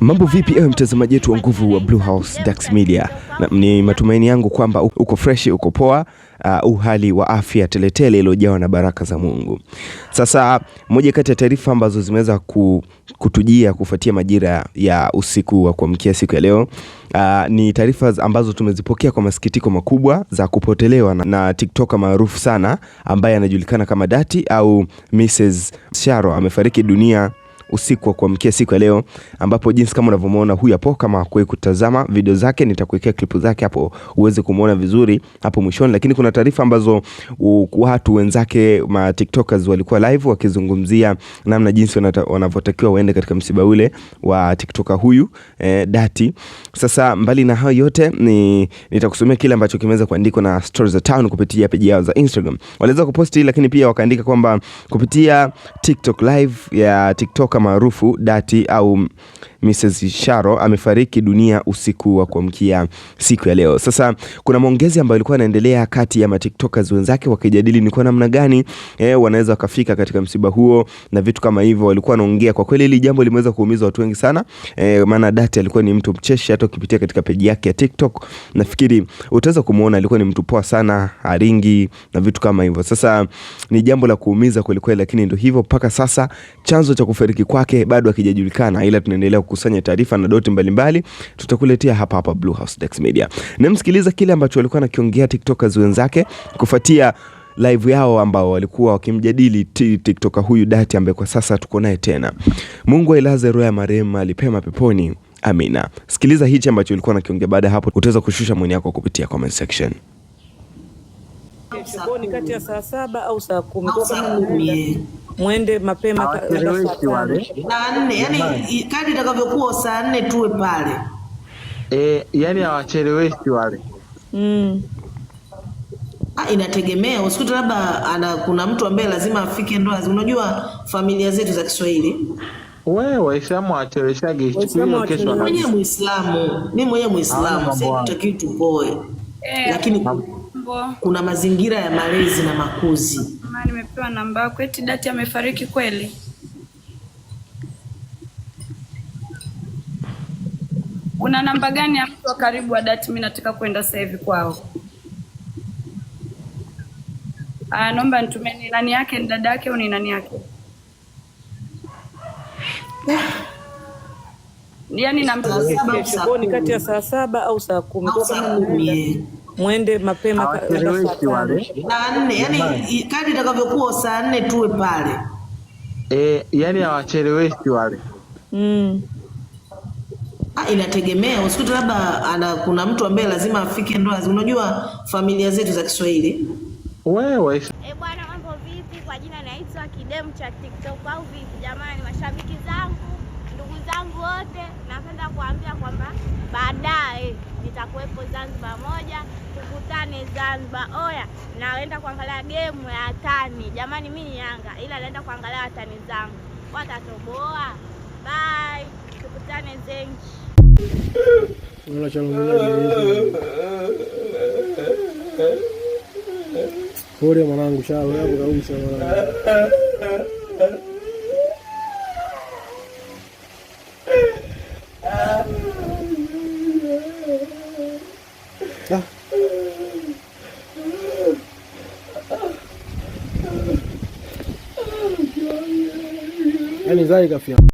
Mambo vipi ewe eh, mtazamaji wetu wa nguvu wa Blue House Dax Media. Na, ni matumaini yangu kwamba uko fresh, uko poa, uh, uhali wa afya teletele iliyojawa na baraka za Mungu. Sasa moja kati ya taarifa ambazo zimeweza kutujia kufuatia majira ya usiku wa kuamkia siku ya leo uh, ni taarifa ambazo tumezipokea kwa masikitiko makubwa za kupotelewa na, na TikToker maarufu sana ambaye anajulikana kama Dati au Mrs. Sharo amefariki dunia usiku wa kuamkia siku ya leo, ambapo jinsi kama unavyomuona huyu hapo, kama hakuwahi kutazama video zake, nitakuwekea klipu zake hapo uweze kumuona vizuri hapo mwishoni. Lakini kuna taarifa ambazo watu wenzake ma tiktokers walikuwa live wakizungumzia namna jinsi wanavyotakiwa waende katika msiba ule wa tiktoker huyu eh, Dati. Sasa mbali na hayo yote ni nitakusomea kile ambacho kimeweza kuandikwa na Stories za Town kupitia page yao za Instagram. Waliweza kuposti, lakini pia wakaandika kwamba kupitia TikTok live ya TikTok maarufu dati au Mrs Sharo amefariki dunia usiku wa kuamkia siku ya leo. Sasa kuna maongezi ambayo ilikuwa inaendelea kati ya matiktokers wenzake wakijadili ni kwa namna gani eh, wanaweza wakafika katika msiba huo na vitu kama hivyo walikuwa wanaongea. Kwa kweli hili jambo limeweza kuumiza watu wengi sana eh, maana Dati alikuwa ni mtu mcheshi, hata ukipitia katika peji yake ya TikTok nafikiri utaweza kumuona alikuwa ni mtu poa sana, haringi na vitu kama hivyo. Sasa ni jambo la kuumiza kweli kweli, lakini ndio hivyo mpaka sasa, chanzo cha kufariki kwake bado hakijajulikana, ila tunaendelea kukusanya taarifa na doti mbalimbali tutakuletea hapa hapa Blue House Dax Media. Na msikiliza kile ambacho walikuwa nakiongea TikTokers wenzake kufuatia live yao ambao walikuwa wakimjadili TikToker huyu Dati ambaye kwa sasa tuko naye tena. Mungu ailaze roho ya marehemu alipema peponi. Amina. Sikiliza hichi ambacho ulikuwa nakiongea, baada hapo utaweza kushusha maoni yako kupitia comment section. Kati ya saa saba au saa kumi mwende mapema saa yani kadi itakavyokuwa saa nne tuwe pale e, yani hawacheleweshi wale mm. Ha, ah, inategemea usikuta labda ana kuna mtu ambaye lazima afike ndoa. unajua familia zetu za Kiswahili wewe Waislamu hawacheleweshagi kesho. Mimi Mwenyewe Muislamu, mimi mwenyewe Muislamu, sitaki tupoe eh. lakini Mambo. Kuna mazingira ya malezi na makuzi. Mama, nimepewa namba yako. Eti Dati amefariki kweli? Una namba gani ya mtu wa karibu wa Dati? Mimi nataka kwenda sasa hivi kwao. Ah, naomba nitumie. Ni nani yake? Ni dada yake au ni nani yake? Yaani namba kati ya saa saba au saa kumi mwende mapema saa nne, yani kadi itakavyokuwa saa nne tuwe pale e, yani hawacheleweshi wale mm. Ha, ah, inategemea usikute, labda ana kuna mtu ambaye lazima afike ndoa. Unajua familia zetu za Kiswahili. Wewe eh, bwana mambo vipi? Kwa jina naitwa kidemu cha TikTok au vipi? Jamani, mashabiki zangu, ndugu zangu wote, napenda kuambia kwamba baadaye nitakuwepo Zanzibar moja, tukutane Zanzibar. Oya, naenda kuangalia gemu ya tani. jamani, mi ni Yanga ila naenda kuangalia watani zangu watatoboa. Bye, tukutane Zenji. Pole mwanangu, shauri yako kabisa mwanangu. يعني زي قفيان